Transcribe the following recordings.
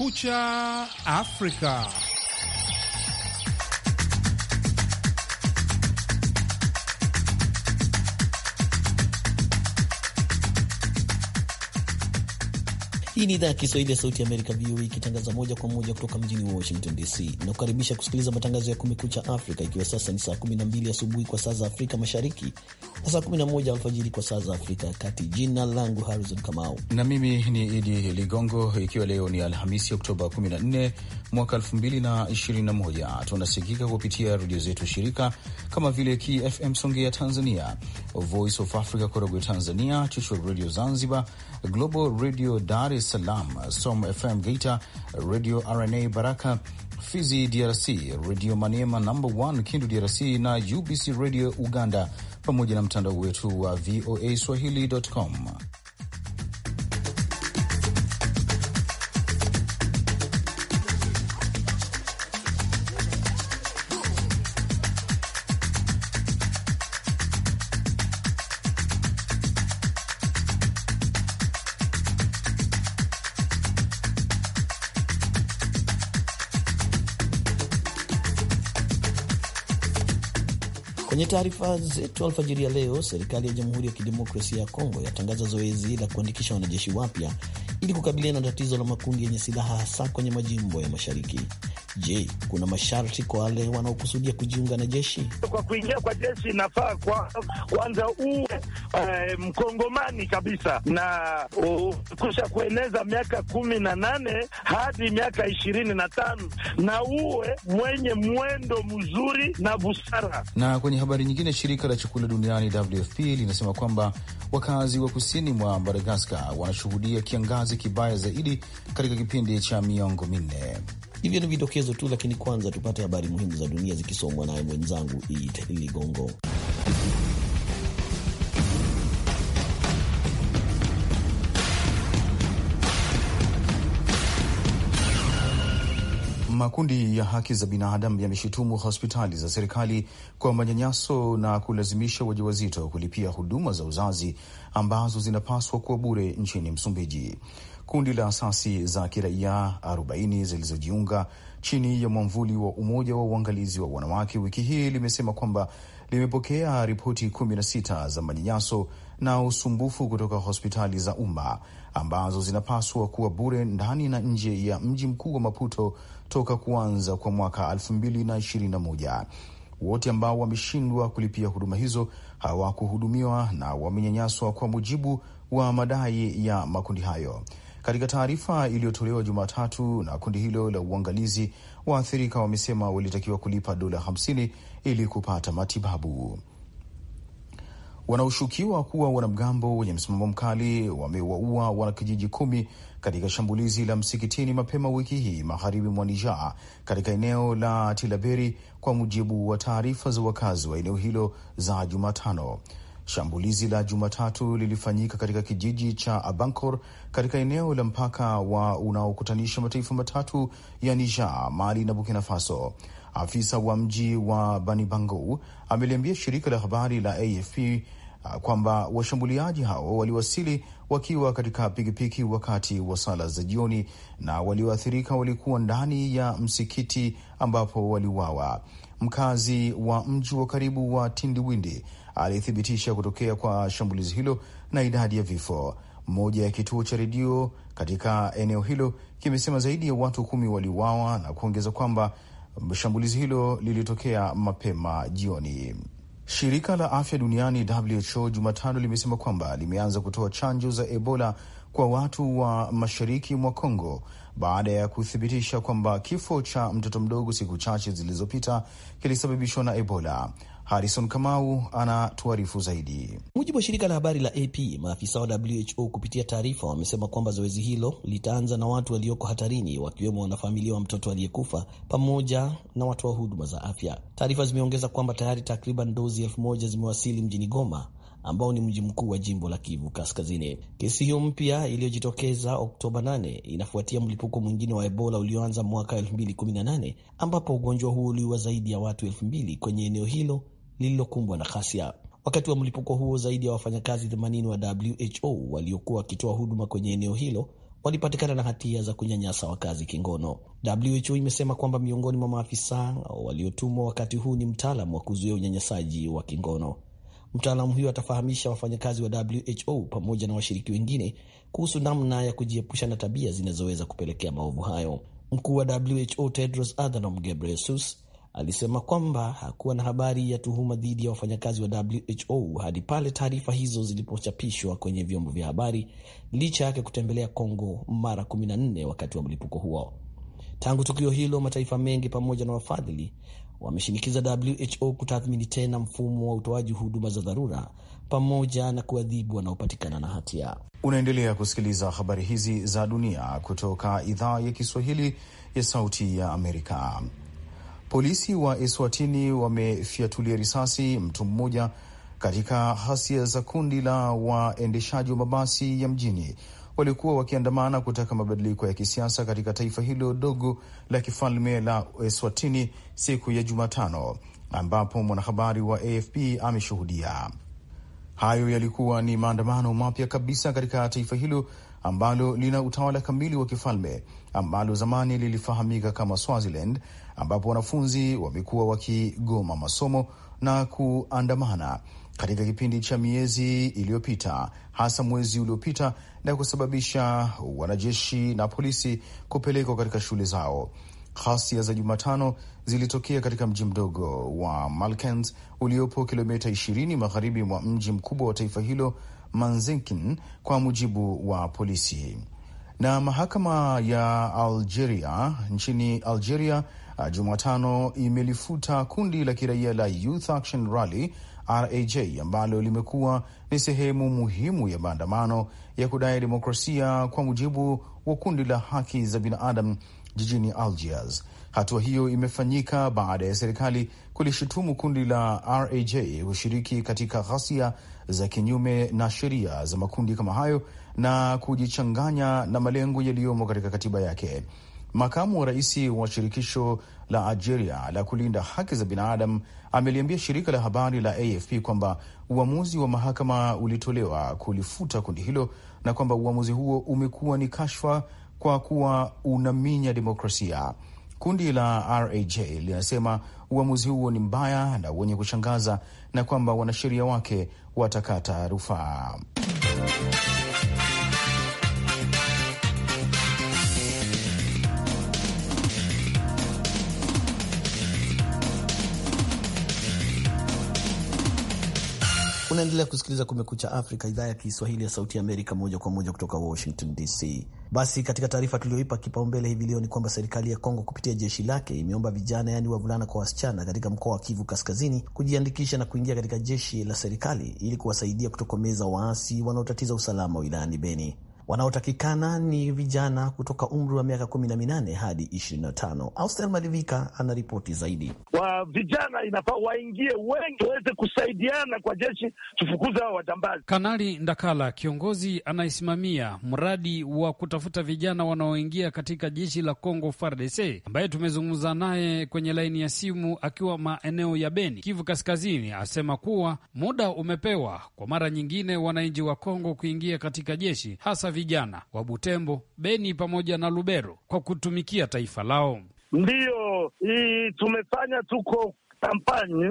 Kumekucha Afrika. Hii ni idhaa ya Kiswahili ya Sauti ya Amerika, VOA, ikitangaza moja kwa moja kutoka mjini Washington DC na kukaribisha kusikiliza matangazo ya Kumekucha Afrika, ikiwa sasa ni saa 12 asubuhi kwa saa za Afrika Mashariki, wa saa 11 alfajiri kwa saa za Afrika ya Kati. Jina langu Harrison Kamau na mimi ni Idi Ligongo, ikiwa leo ni Alhamisi Oktoba 14 mwaka 2021, tunasikika kupitia redio zetu shirika kama vile KFM Songea Tanzania, Voice of Africa Korogwe Tanzania, Chuchu Radio Zanzibar, Global Radio Dar es Salaam, Som FM Geita, Radio RNA Baraka Fizi DRC, Redio Maniema namba 1 Kindu DRC na UBC Radio Uganda, pamoja na mtandao wetu wa VOA swahili.com. taarifa zetu alfajiri ya leo, serikali ya Jamhuri ya Kidemokrasia ya Kongo yatangaza zoezi la kuandikisha wanajeshi wapya ili kukabiliana na tatizo la makundi yenye silaha hasa kwenye majimbo ya mashariki. Je, kuna masharti kwa wale wanaokusudia kujiunga na jeshi? Kwa kuingia kwa jeshi inafaa kwanza uwe eh, mkongomani kabisa na uh, kusha kueneza miaka kumi na nane hadi miaka ishirini na tano na uwe mwenye mwendo mzuri na busara. Na kwenye habari nyingine, shirika la chakula duniani WFP linasema kwamba wakazi wa kusini mwa Madagaskar wanashuhudia kiangazi kibaya zaidi katika kipindi cha miongo minne. Hivyo ni vidokezo tu, lakini kwanza tupate habari muhimu za dunia zikisomwa naye mwenzangu Idi Ligongo. Makundi ya haki za binadamu yameshutumu hospitali za serikali kwa manyanyaso na kulazimisha wajawazito kulipia huduma za uzazi ambazo zinapaswa kuwa bure nchini Msumbiji kundi la asasi za kiraia 40 zilizojiunga chini ya mwamvuli wa Umoja wa Uangalizi wa Wanawake wiki hii limesema kwamba limepokea ripoti 16 za manyanyaso na usumbufu kutoka hospitali za umma ambazo zinapaswa kuwa bure ndani na nje ya mji mkuu wa Maputo toka kuanza kwa mwaka 2021. Wote ambao wameshindwa kulipia huduma hizo hawakuhudumiwa na wamenyanyaswa kwa mujibu wa madai ya makundi hayo. Katika taarifa iliyotolewa Jumatatu na kundi hilo la uangalizi, waathirika wamesema walitakiwa kulipa dola 50 ili kupata matibabu. Wanaoshukiwa kuwa wanamgambo wenye msimamo mkali wamewaua wanakijiji kumi katika shambulizi la msikitini mapema wiki hii magharibi mwa nijaa katika eneo la Tilaberi, kwa mujibu wa taarifa za wakazi wa eneo hilo za Jumatano. Shambulizi la Jumatatu lilifanyika katika kijiji cha Abankor katika eneo la mpaka wa unaokutanisha mataifa matatu ya Niger, Mali na Burkina Faso. Afisa wa mji wa Banibango ameliambia shirika la habari la AFP uh, kwamba washambuliaji hao waliwasili wakiwa katika pikipiki wakati wa sala za jioni, na walioathirika walikuwa ndani ya msikiti ambapo waliuawa. Mkazi wa mji wa karibu wa Tindiwindi alithibitisha kutokea kwa shambulizi hilo na idadi ya vifo. Moja ya kituo cha redio katika eneo hilo kimesema zaidi ya watu kumi waliuawa na kuongeza kwamba shambulizi hilo lilitokea mapema jioni. Shirika la afya duniani WHO Jumatano limesema kwamba limeanza kutoa chanjo za Ebola kwa watu wa mashariki mwa Kongo baada ya kuthibitisha kwamba kifo cha mtoto mdogo siku chache zilizopita kilisababishwa na Ebola. Harison Kamau anatuarifu zaidi. Mujibu wa shirika la habari la AP, maafisa wa WHO kupitia taarifa wamesema kwamba zoezi hilo litaanza na watu walioko hatarini, wakiwemo wanafamilia wa mtoto aliyekufa pamoja na watu wa huduma za afya. Taarifa zimeongeza kwamba tayari takriban dozi elfu moja zimewasili mjini Goma ambao ni mji mkuu wa jimbo la Kivu Kaskazini. Kesi hiyo mpya iliyojitokeza Oktoba 8 inafuatia mlipuko mwingine wa Ebola ulioanza mwaka 2018 ambapo ugonjwa huo uliua zaidi ya watu 2000 kwenye eneo hilo lililokumbwa na ghasia. Wakati wa mlipuko huo, zaidi ya wafanyakazi 80 wa WHO waliokuwa wakitoa huduma kwenye eneo hilo walipatikana na hatia za kunyanyasa wakazi kingono. WHO imesema kwamba miongoni mwa maafisa waliotumwa wakati huu ni mtaalamu wa kuzuia unyanyasaji wa kingono. Mtaalamu huyo atafahamisha wafanyakazi wa WHO pamoja na washiriki wengine kuhusu namna ya kujiepusha na tabia zinazoweza kupelekea maovu hayo. Mkuu wa WHO Tedros Adhanom Ghebreyesus alisema kwamba hakuwa na habari ya tuhuma dhidi ya wafanyakazi wa WHO hadi pale taarifa hizo zilipochapishwa kwenye vyombo vya habari, licha yake kutembelea Kongo mara 14 wakati wa mlipuko huo. Tangu tukio hilo, mataifa mengi pamoja na wafadhili wameshinikiza WHO kutathmini tena mfumo wa utoaji huduma za dharura pamoja na kuadhibu wanaopatikana na hatia. Unaendelea kusikiliza habari hizi za dunia kutoka idhaa ya Kiswahili ya Sauti ya Amerika. Polisi wa Eswatini wamefyatulia risasi mtu mmoja katika ghasia za kundi la waendeshaji wa mabasi ya mjini waliokuwa wakiandamana kutaka mabadiliko ya kisiasa katika taifa hilo dogo la kifalme la Eswatini siku ya Jumatano, ambapo mwanahabari wa AFP ameshuhudia. Hayo yalikuwa ni maandamano mapya kabisa katika taifa hilo ambalo lina utawala kamili wa kifalme ambalo zamani lilifahamika kama Swaziland ambapo wanafunzi wamekuwa wakigoma masomo na kuandamana katika kipindi cha miezi iliyopita, hasa mwezi uliopita, na kusababisha wanajeshi na polisi kupelekwa katika shule zao. Ghasia za Jumatano zilitokea katika mji mdogo wa Malkens uliopo kilomita 20 magharibi mwa mji mkubwa wa taifa hilo Manzinkin, kwa mujibu wa polisi. Na mahakama ya Algeria nchini Algeria Uh, Jumatano imelifuta kundi la kiraia la Youth Action Rally RAJ ambalo limekuwa ni sehemu muhimu ya maandamano ya kudai demokrasia kwa mujibu wa kundi la haki za binadamu jijini Algiers. Hatua hiyo imefanyika baada ya serikali kulishutumu kundi la RAJ kushiriki katika ghasia za kinyume na sheria za makundi kama hayo na kujichanganya na malengo yaliyomo katika katiba yake. Makamu wa rais wa shirikisho la Algeria la kulinda haki za binadamu ameliambia shirika la habari la AFP kwamba uamuzi wa mahakama ulitolewa kulifuta kundi hilo na kwamba uamuzi huo umekuwa ni kashfa kwa kuwa unaminya demokrasia. Kundi la RAJ linasema uamuzi huo ni mbaya na wenye kushangaza na kwamba wanasheria wake watakata rufaa. Unaendelea kusikiliza Kumekucha Afrika, idhaa ya Kiswahili ya Sauti ya Amerika, moja kwa moja kutoka Washington DC. Basi katika taarifa tuliyoipa kipaumbele hivi leo ni kwamba serikali ya Kongo kupitia jeshi lake imeomba vijana, yaani wavulana kwa wasichana, katika mkoa wa Kivu Kaskazini kujiandikisha na kuingia katika jeshi la serikali ili kuwasaidia kutokomeza waasi wanaotatiza usalama wilayani Beni. Wanaotakikana ni vijana kutoka umri wa miaka kumi na minane hadi ishirini na tano. Auster Malivika anaripoti zaidi. Wa vijana inafaa waingie wengi waweze kusaidiana kwa jeshi, tufukuze hao wajambazi. Kanali Ndakala, kiongozi anayesimamia mradi wa kutafuta vijana wanaoingia katika jeshi la Congo FARDC, ambaye tumezungumza naye kwenye laini ya simu akiwa maeneo ya Beni, Kivu Kaskazini, asema kuwa muda umepewa kwa mara nyingine wananchi wa Kongo kuingia katika jeshi hasa vijana wa Butembo, Beni pamoja na Lubero kwa kutumikia taifa lao. Ndiyo hii tumefanya, tuko kampani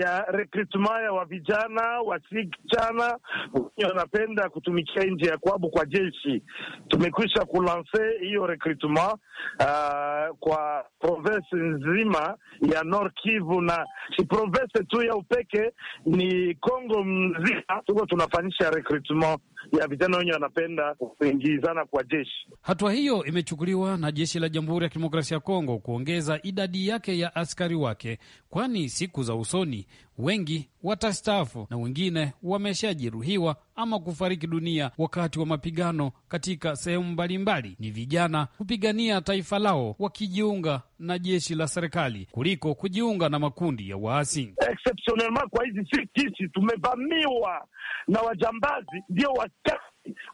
ya rekrutma ya wa vijana wasichana wenye wanapenda kutumikia nji ya kwabu kwa jeshi. Tumekwisha kulanse hiyo rekrutma uh, kwa provensi nzima ya Nord Kivu na si provensi tu ya upeke, ni Kongo mzima tuko tunafanyisha rekrutma ya vijana wenye wanapenda kuingizana kwa jeshi. Hatua hiyo imechukuliwa na jeshi la Jamhuri ya Kidemokrasia ya Kongo kuongeza idadi yake ya askari wake, kwani siku za usoni wengi watastafu na wengine wameshajeruhiwa ama kufariki dunia wakati wa mapigano katika sehemu mbalimbali. Ni vijana kupigania taifa lao wakijiunga na jeshi la serikali kuliko kujiunga na makundi ya waasi. Exceptionnellement kwa hizi sisi tumevamiwa na wajambazi, ndio wakati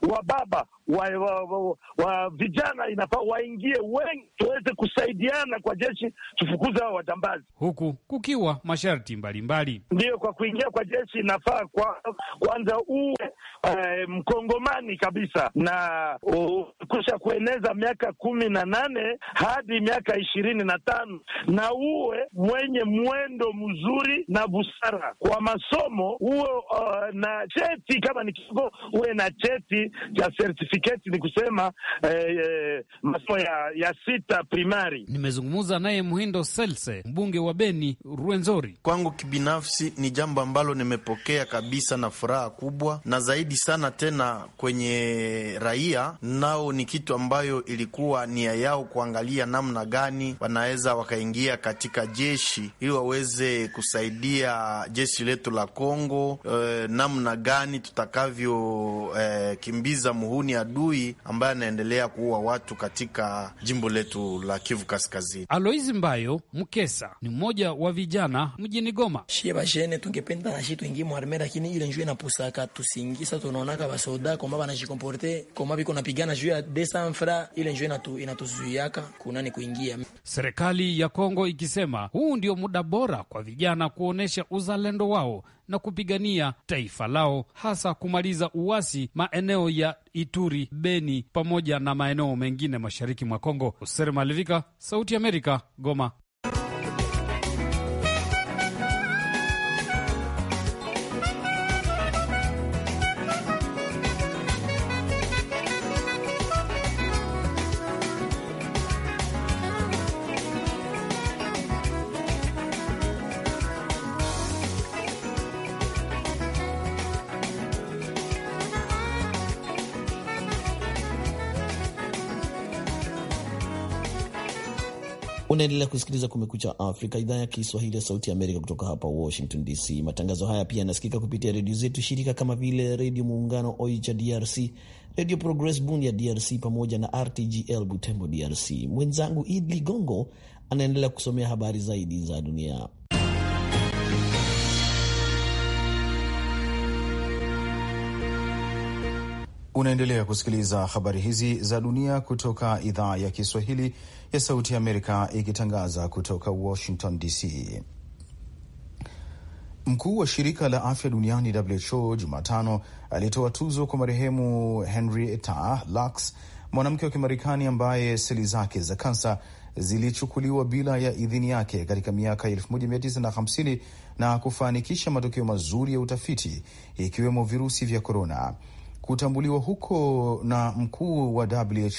wa baba wa, wa, wa, wa vijana inafaa waingie wengi, tuweze kusaidiana kwa jeshi tufukuze hao wajambazi, huku kukiwa masharti mbalimbali. Ndiyo, kwa kuingia kwa jeshi inafaa kwa, kwanza uwe eh, mkongomani kabisa na uh, kusha kueneza miaka kumi na nane hadi miaka ishirini na tano na uwe mwenye mwendo mzuri na busara kwa masomo, uwe uh, na cheti kama ni kigo, uwe na cheti cha certificate tiketi ni kusema eh, eh, masomo ya, ya sita primari. Nimezungumza naye Muhindo Selse, mbunge wa Beni ruenzori Kwangu kibinafsi ni jambo ambalo nimepokea kabisa na furaha kubwa, na zaidi sana tena kwenye raia nao, ni kitu ambayo ilikuwa nia yao kuangalia namna gani wanaweza wakaingia katika jeshi ili waweze kusaidia jeshi letu la Kongo, eh, namna gani tutakavyo eh, kimbiza muhuni ya adui ambaye anaendelea kuua watu katika jimbo letu la Kivu Kaskazini. Aloisi Mbayo Mkesa ni mmoja wa vijana mjini Goma. shie bashene tungependa nashi tuingi mwarme lakini ile njuu inapusaka tusingisa tunaonaka basoda komba banashikomporte komba viko napigana juu ya desanfra ile njuu inatuzuiaka kunani kuingia. Serikali ya Kongo ikisema huu ndio muda bora kwa vijana kuonyesha uzalendo wao na kupigania taifa lao, hasa kumaliza uasi maeneo ya Ituri, Beni pamoja na maeneo mengine mashariki mwa Kongo. Hoser Malivika, Sauti ya Amerika, Goma. kusikiliza Kumekucha Afrika, idhaa ya Kiswahili ya Sauti ya Amerika kutoka hapa Washington DC. Matangazo haya pia yanasikika kupitia redio zetu shirika kama vile Redio Muungano Oicha DRC, Redio Progress Bunia DRC, pamoja na RTGL Butembo DRC. Mwenzangu Id Ligongo anaendelea kusomea habari zaidi za dunia. Unaendelea kusikiliza habari hizi za dunia kutoka idhaa ya Kiswahili ya Sauti ya Amerika ikitangaza kutoka Washington DC. Mkuu wa shirika la afya duniani WHO Jumatano alitoa tuzo kwa marehemu Henrietta Lacks, mwanamke wa Kimarekani ambaye seli zake za kansa zilichukuliwa bila ya idhini yake katika miaka 1950 na kufanikisha matokeo mazuri ya utafiti ikiwemo virusi vya korona kutambuliwa huko na mkuu wa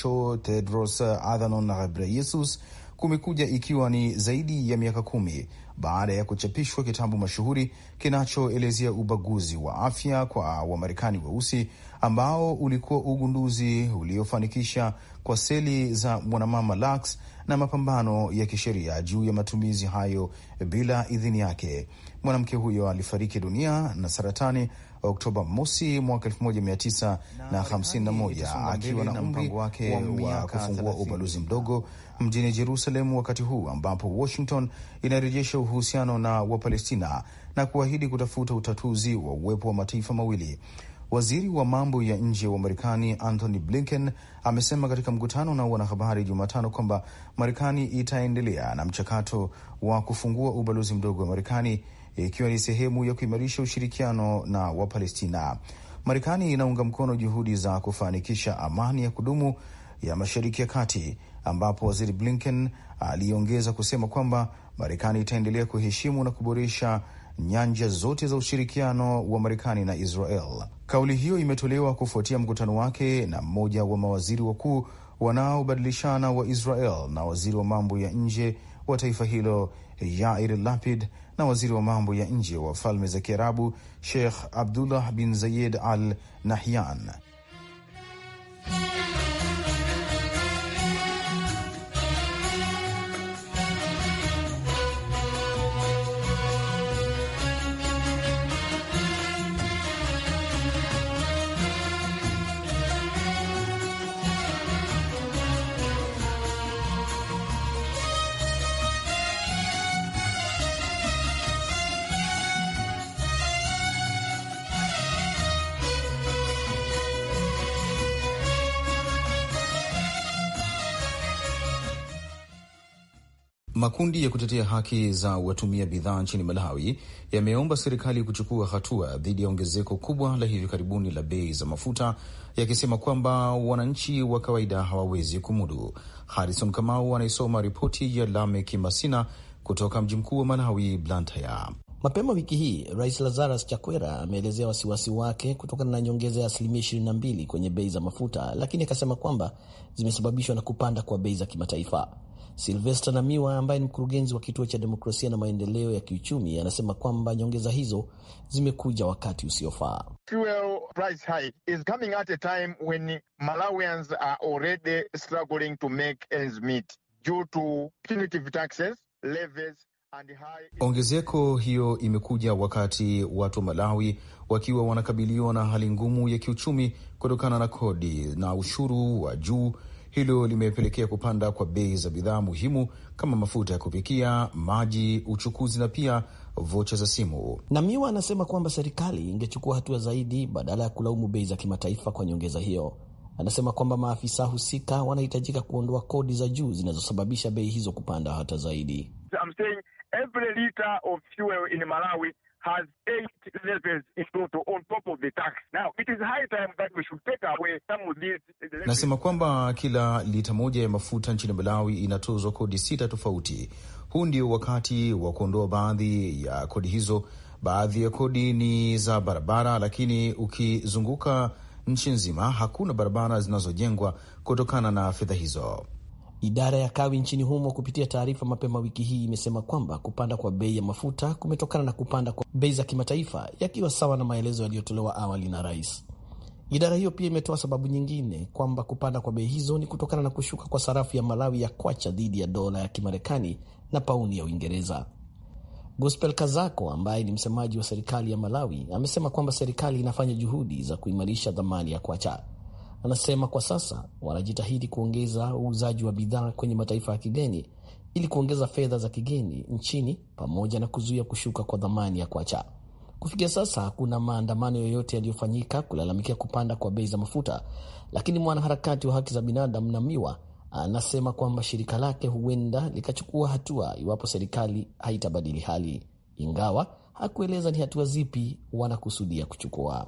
WHO Tedros Adhanom Ghebreyesus kumekuja ikiwa ni zaidi ya miaka kumi baada ya kuchapishwa kitabu mashuhuri kinachoelezea ubaguzi wa afya kwa Wamarekani weusi ambao ulikuwa ugunduzi uliofanikisha kwa seli za mwanamama Lux na mapambano ya kisheria juu ya matumizi hayo bila idhini yake. Mwanamke huyo alifariki dunia na saratani Oktoba mosi mwaka 1951 akiwa na umri wa kufungua ubalozi mdogo mjini Jerusalem, wakati huu ambapo Washington inarejesha uhusiano na Wapalestina na kuahidi kutafuta utatuzi wa uwepo wa mataifa mawili. Waziri wa mambo ya nje wa Marekani Anthony Blinken amesema katika mkutano na wanahabari Jumatano kwamba Marekani itaendelea na mchakato wa kufungua ubalozi mdogo wa Marekani ikiwa ni sehemu ya kuimarisha ushirikiano na Wapalestina. Marekani inaunga mkono juhudi za kufanikisha amani ya kudumu ya Mashariki ya Kati, ambapo Waziri Blinken aliongeza kusema kwamba Marekani itaendelea kuheshimu na kuboresha nyanja zote za ushirikiano wa Marekani na Israel. Kauli hiyo imetolewa kufuatia mkutano wake na mmoja wa mawaziri wakuu wanaobadilishana wa Israel na waziri wa mambo ya nje wa taifa hilo Yair Lapid na waziri wa mambo ya nje wa Falme za Kiarabu Sheikh Abdullah bin Zayed Al Nahyan. Makundi ya kutetea haki za watumia bidhaa nchini Malawi yameomba serikali kuchukua hatua dhidi ya ongezeko kubwa la hivi karibuni la bei za mafuta, yakisema kwamba wananchi wa kawaida hawawezi kumudu. Harrison Kamau anaisoma ripoti ya Lame Masina kutoka mji mkuu wa Malawi, Blantyre. Mapema wiki hii Rais Lazarus Chakwera ameelezea wasiwasi wake kutokana na nyongeza ya asilimia mbili kwenye bei za mafuta, lakini akasema kwamba zimesababishwa na kupanda kwa bei za kimataifa. Silvester Namiwa ambaye ni mkurugenzi wa kituo cha demokrasia na maendeleo ya kiuchumi anasema kwamba nyongeza hizo zimekuja wakati usiofaa. Ongezeko hiyo imekuja wakati watu wa Malawi wakiwa wanakabiliwa na hali ngumu ya kiuchumi kutokana na kodi na ushuru wa juu hilo limepelekea kupanda kwa bei za bidhaa muhimu kama mafuta ya kupikia, maji, uchukuzi na pia vocha za simu. Namiwa anasema kwamba serikali ingechukua hatua zaidi badala ya kulaumu bei za kimataifa kwa nyongeza hiyo. Anasema kwamba maafisa husika wanahitajika kuondoa kodi za juu zinazosababisha bei hizo kupanda hata zaidi. I'm saying every liter of fuel in Malawi has eight levels in total on top of the tax. Now, it is high time that we should take away some of these. Nasema kwamba kila lita moja ya mafuta nchini Malawi inatozwa kodi sita tofauti. Huu ndio wakati wa kuondoa baadhi ya kodi hizo. Baadhi ya kodi ni za barabara, lakini ukizunguka nchi nzima hakuna barabara zinazojengwa kutokana na fedha hizo. Idara ya kawi nchini humo kupitia taarifa mapema wiki hii imesema kwamba kupanda kwa bei ya mafuta kumetokana na kupanda kwa bei za kimataifa, yakiwa sawa na maelezo yaliyotolewa awali na rais. Idara hiyo pia imetoa sababu nyingine kwamba kupanda kwa bei hizo ni kutokana na kushuka kwa sarafu ya Malawi ya kwacha dhidi ya dola ya Kimarekani na pauni ya Uingereza. Gospel Kazako ambaye ni msemaji wa serikali ya Malawi amesema kwamba serikali inafanya juhudi za kuimarisha dhamani ya kwacha. Anasema kwa sasa wanajitahidi kuongeza uuzaji wa bidhaa kwenye mataifa ya kigeni ili kuongeza fedha za kigeni nchini pamoja na kuzuia kushuka kwa dhamani ya kwacha. Kufikia sasa hakuna maandamano yoyote yaliyofanyika kulalamikia kupanda kwa bei za mafuta, lakini mwanaharakati wa haki za binadamu miwa anasema kwamba shirika lake huenda likachukua hatua iwapo serikali haitabadili hali, ingawa hakueleza ni hatua zipi wanakusudia kuchukua.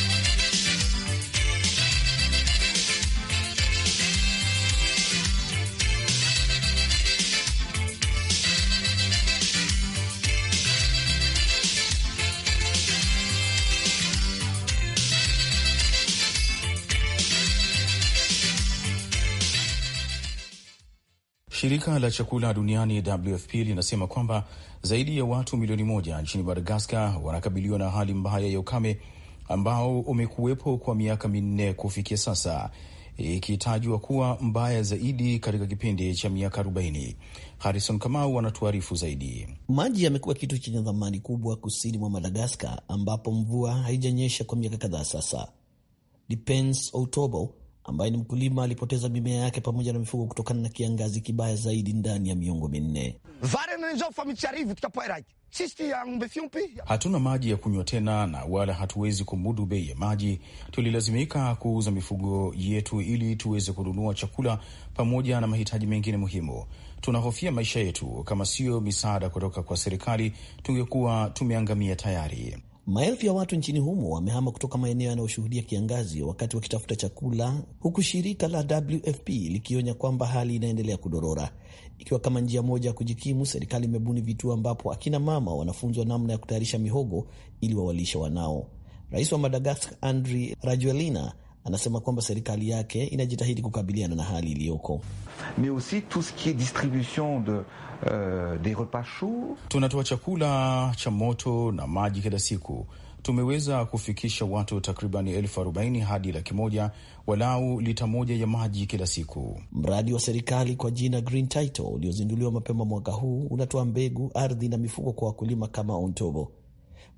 Shirika la chakula duniani WFP linasema kwamba zaidi ya watu milioni moja nchini Madagaskar wanakabiliwa na hali mbaya ya ukame ambao umekuwepo kwa miaka minne kufikia sasa, ikitajwa kuwa mbaya zaidi katika kipindi cha miaka 40. Harison Kamau anatuarifu zaidi. Maji yamekuwa kitu chenye thamani kubwa kusini mwa Madagaskar, ambapo mvua haijanyesha kwa miaka kadhaa sasa. Depends Otobo ambaye ni mkulima alipoteza mimea yake pamoja na mifugo kutokana na kiangazi kibaya zaidi ndani ya miongo minne. Hatuna maji ya kunywa tena na wala hatuwezi kumudu bei ya maji. Tulilazimika kuuza mifugo yetu ili tuweze kununua chakula pamoja na mahitaji mengine muhimu. Tunahofia maisha yetu. Kama siyo misaada kutoka kwa serikali, tungekuwa tumeangamia tayari. Maelfu ya watu nchini humo wamehama kutoka maeneo yanayoshuhudia kiangazi wakati wakitafuta chakula, huku shirika la WFP likionya kwamba hali inaendelea kudorora. Ikiwa kama njia moja ya kujikimu, serikali imebuni vituo ambapo akina mama wanafunzwa namna ya kutayarisha mihogo ili wawalishe wanao. Rais wa Madagaskar Andry Rajoelina Anasema kwamba serikali yake inajitahidi kukabiliana na hali iliyoko. Euh, Tunatoa chakula cha moto na maji kila siku. Tumeweza kufikisha watu takriban elfu arobaini hadi laki moja walau lita moja ya maji kila siku. Mradi wa serikali kwa jina Green Title uliozinduliwa mapema mwaka huu unatoa mbegu, ardhi na mifuko kwa wakulima kama Ontobo.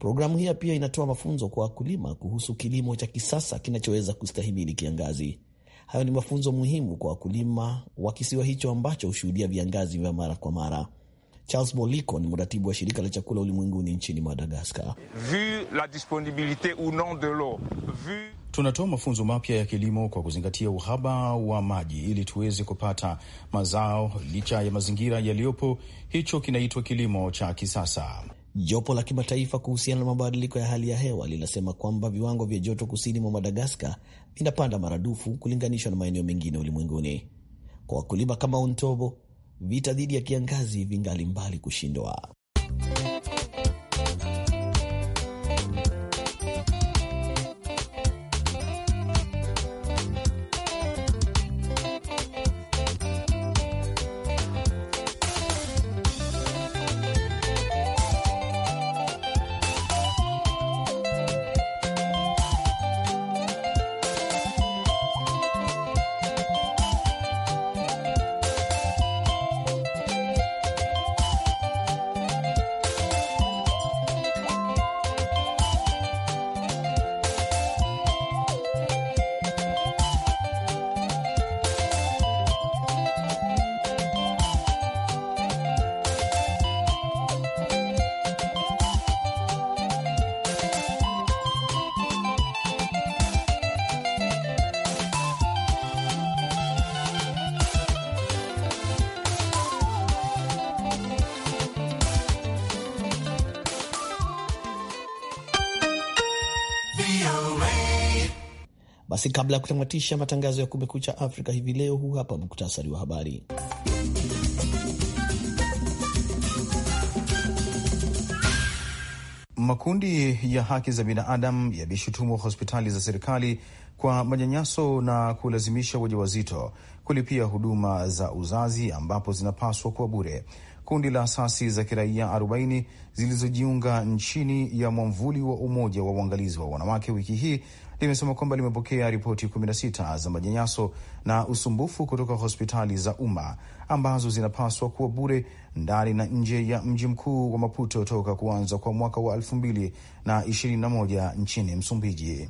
Programu hiyo pia inatoa mafunzo kwa wakulima kuhusu kilimo cha kisasa kinachoweza kustahimili kiangazi. Hayo ni mafunzo muhimu kwa wakulima wa kisiwa hicho ambacho hushuhudia viangazi vya mara kwa mara. Charles Boliko ni mratibu wa shirika la chakula ulimwenguni nchini Madagaskar. Tunatoa mafunzo mapya ya kilimo kwa kuzingatia uhaba wa maji ili tuweze kupata mazao licha ya mazingira yaliyopo. Hicho kinaitwa kilimo cha kisasa. Jopo la kimataifa kuhusiana na mabadiliko ya hali ya hewa linasema kwamba viwango vya joto kusini mwa Madagaskar vinapanda maradufu kulinganishwa na maeneo mengine ulimwenguni. Kwa wakulima kama Ontobo, vita dhidi ya kiangazi vingali mbali kushindwa. Basi kabla ya kutamatisha matangazo ya Kumekucha Afrika hivi leo, huu hapa muktasari wa habari. Makundi ya haki za binadamu yameshutumu hospitali za serikali kwa manyanyaso na kulazimisha wajawazito kulipia huduma za uzazi ambapo zinapaswa kuwa bure. Kundi la asasi za kiraia 40 zilizojiunga nchini ya mwamvuli wa umoja wa uangalizi wa wanawake wiki hii limesema kwamba limepokea ripoti 16 za manyanyaso na usumbufu kutoka hospitali za umma ambazo zinapaswa kuwa bure ndani na nje ya mji mkuu wa Maputo toka kuanza kwa mwaka wa 2021 nchini Msumbiji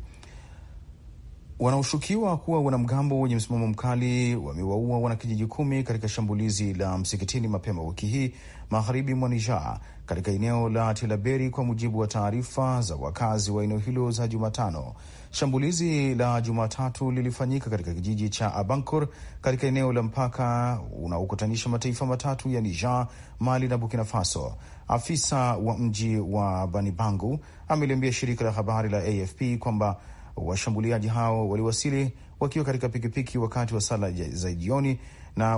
wanaoshukiwa kuwa wanamgambo wenye msimamo mkali wamewaua wanakijiji kumi katika shambulizi la msikitini mapema wiki hii magharibi mwa nija katika eneo la Tilaberi, kwa mujibu wa taarifa za wakazi wa eneo hilo za Jumatano. Shambulizi la Jumatatu lilifanyika katika kijiji cha Abankor katika eneo la mpaka unaokutanisha mataifa matatu ya Niger, Mali na Burkina Faso. Afisa wa mji wa Banibangu ameliambia shirika la habari la AFP kwamba Washambuliaji hao waliwasili wakiwa katika pikipiki wakati wa sala za jioni, na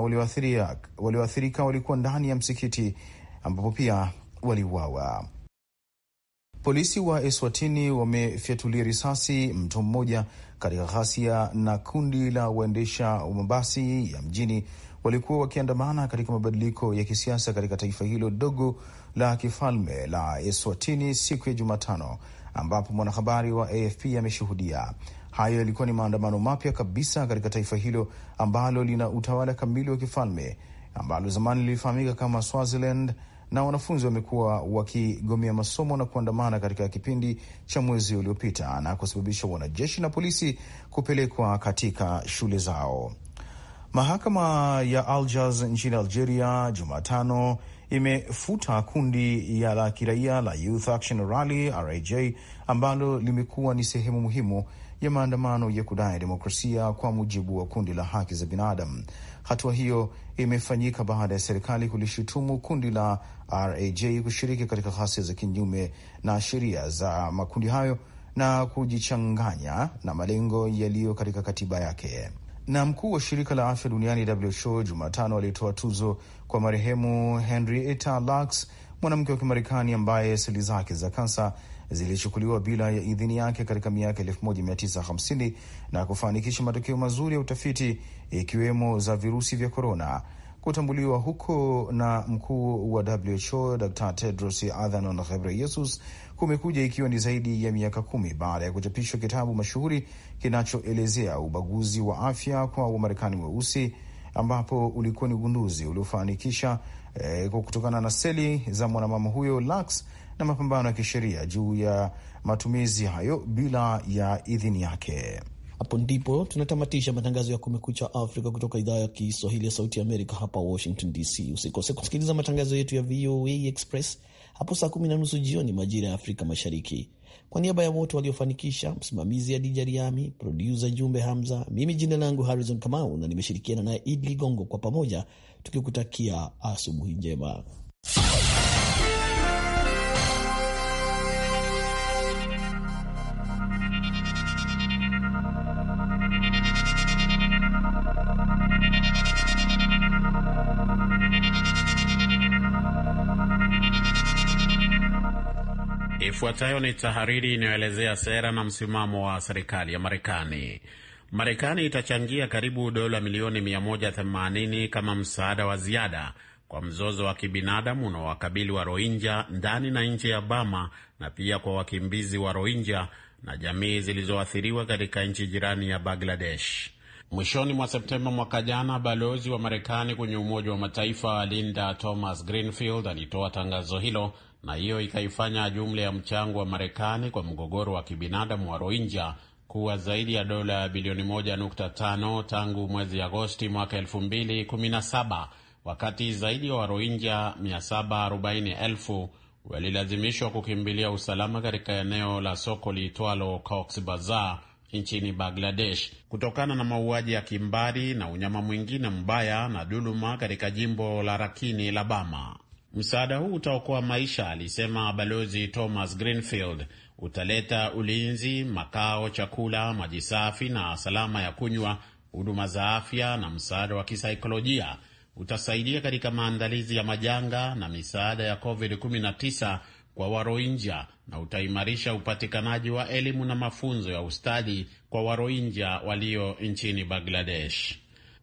walioathirika walikuwa ndani ya msikiti ambapo pia waliuawa. Polisi wa Eswatini wamefyatulia risasi mtu mmoja katika ghasia na kundi la waendesha mabasi ya mjini walikuwa wakiandamana katika mabadiliko ya kisiasa katika taifa hilo dogo la kifalme la Eswatini siku ya Jumatano ambapo mwanahabari wa AFP ameshuhudia. Hayo yalikuwa ni maandamano mapya kabisa katika taifa hilo ambalo lina utawala kamili wa kifalme ambalo zamani lilifahamika kama Swaziland, na wanafunzi wamekuwa wakigomea masomo na kuandamana katika kipindi cha mwezi uliopita na kusababisha wanajeshi na polisi kupelekwa katika shule zao. Mahakama ya Aljaz nchini Algeria Jumatano imefuta kundi ya la kiraia la Youth Action Rally RAJ ambalo limekuwa ni sehemu muhimu ya maandamano ya kudai demokrasia kwa mujibu wa kundi la haki za binadamu. Hatua hiyo imefanyika baada ya serikali kulishutumu kundi la RAJ kushiriki katika ghasia za kinyume na sheria za makundi hayo na kujichanganya na malengo yaliyo katika katiba yake. Na mkuu wa shirika la afya duniani WHO Jumatano alitoa tuzo kwa marehemu Henrietta Lacks, mwanamke wa Kimarekani ambaye seli zake za kansa zilichukuliwa bila ya idhini yake katika miaka 1950 na kufanikisha matokeo mazuri ya utafiti ikiwemo za virusi vya korona. Kutambuliwa huko na mkuu wa WHO Dr Tedros Adhanom Ghebreyesus kumekuja ikiwa ni zaidi ya miaka kumi baada ya kuchapishwa kitabu mashuhuri kinachoelezea ubaguzi wa afya kwa Wamarekani weusi wa ambapo ulikuwa ni ugunduzi uliofanikisha eh, kutokana na seli za mwanamama huyo Lux na mapambano ya kisheria juu ya matumizi hayo bila ya idhini yake. Hapo ndipo tunatamatisha matangazo ya Kumekucha Afrika kutoka idhaa ya Kiswahili ya Sauti ya Amerika hapa Washington DC. Usikose kusikiliza matangazo yetu ya VOA Express hapo saa kumi na nusu jioni majira ya Afrika Mashariki. Kwa niaba ya wote waliofanikisha, msimamizi Adija Riami, produsa Jumbe Hamza, mimi jina langu Harrison Kamau na nimeshirikiana naye Idi Ligongo, kwa pamoja tukikutakia asubuhi njema. Ifuatayo ni tahariri inayoelezea sera na msimamo wa serikali ya Marekani. Marekani itachangia karibu dola milioni 180 kama msaada wa ziada kwa mzozo wa kibinadamu unaowakabili wa Rohingya ndani na nje ya Bama na pia kwa wakimbizi wa Rohingya na jamii zilizoathiriwa katika nchi jirani ya Bangladesh. Mwishoni mwa Septemba mwaka jana, balozi wa Marekani kwenye Umoja wa Mataifa Linda Thomas Greenfield alitoa tangazo hilo na hiyo ikaifanya jumla ya mchango wa Marekani kwa mgogoro wa kibinadamu wa Rohingya kuwa zaidi ya dola bilioni 1.5 tangu mwezi Agosti mwaka 2017 wakati zaidi ya wa Warohingya 740,000 walilazimishwa kukimbilia usalama katika eneo la soko liitwalo Cox Bazar nchini Bangladesh kutokana na mauaji ya kimbari na unyama mwingine mbaya na dhuluma katika jimbo la Rakini la Bama. Msaada huu utaokoa maisha, alisema Balozi Thomas Greenfield. Utaleta ulinzi, makao, chakula, maji safi na salama ya kunywa, huduma za afya na msaada wa kisaikolojia. Utasaidia katika maandalizi ya majanga na misaada ya COVID-19 kwa Warohinja na utaimarisha upatikanaji wa elimu na mafunzo ya ustadi kwa Warohinja walio nchini Bangladesh.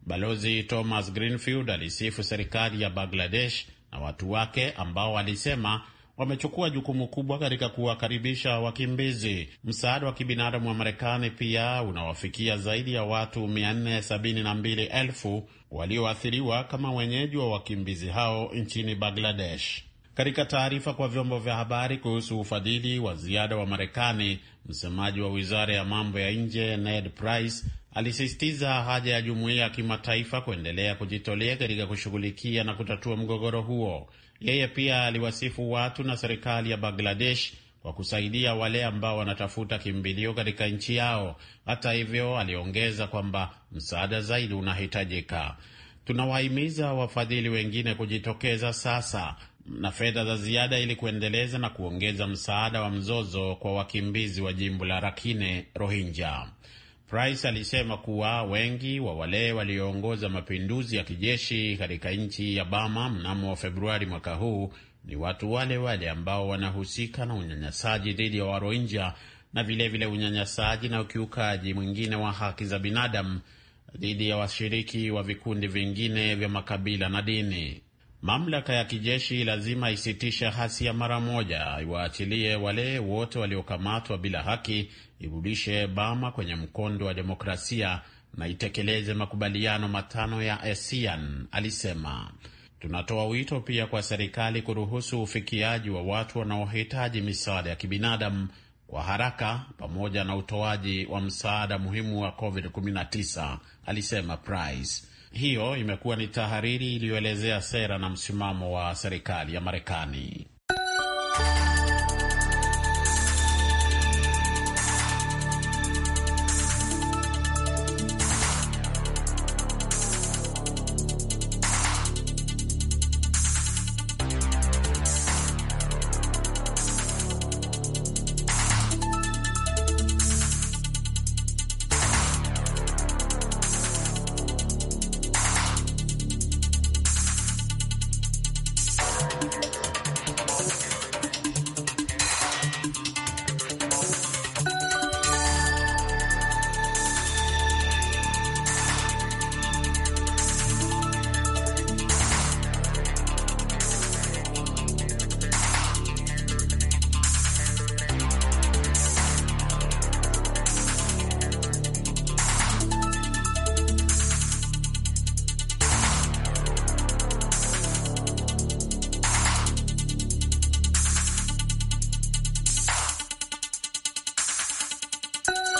Balozi Thomas Greenfield alisifu serikali ya Bangladesh na watu wake ambao walisema wamechukua jukumu kubwa katika kuwakaribisha wakimbizi. Msaada wa kibinadamu wa Marekani pia unawafikia zaidi ya watu 472,000 walioathiriwa kama wenyeji wa wakimbizi hao nchini Bangladesh. Katika taarifa kwa vyombo vya habari kuhusu ufadhili wa ziada wa Marekani, msemaji wa wizara ya mambo ya nje Ned Price alisisitiza haja ya jumuiya ya kimataifa kuendelea kujitolea katika kushughulikia na kutatua mgogoro huo. Yeye pia aliwasifu watu na serikali ya Bangladesh kwa kusaidia wale ambao wanatafuta kimbilio katika nchi yao. Hata hivyo, aliongeza kwamba msaada zaidi unahitajika. Tunawahimiza wafadhili wengine kujitokeza sasa na fedha za ziada ili kuendeleza na kuongeza msaada wa mzozo kwa wakimbizi wa jimbo la Rakhine Rohingya. Price alisema kuwa wengi wa wale walioongoza mapinduzi ya kijeshi katika nchi ya Bama mnamo Februari mwaka huu ni watu wale wale ambao wanahusika na unyanyasaji dhidi ya Warohinja na vilevile vile unyanyasaji na ukiukaji mwingine wa haki za binadamu dhidi ya washiriki wa vikundi vingine vya makabila na dini. Mamlaka ya kijeshi lazima isitishe ya mara moja, iwaachilie wale wote waliokamatwa bila haki irudishe Bama kwenye mkondo wa demokrasia na itekeleze makubaliano matano ya ASEAN, alisema. Tunatoa wito pia kwa serikali kuruhusu ufikiaji wa watu wanaohitaji misaada ya kibinadamu kwa haraka pamoja na utoaji wa msaada muhimu wa COVID-19, alisema Price. Hiyo imekuwa ni tahariri iliyoelezea sera na msimamo wa serikali ya Marekani.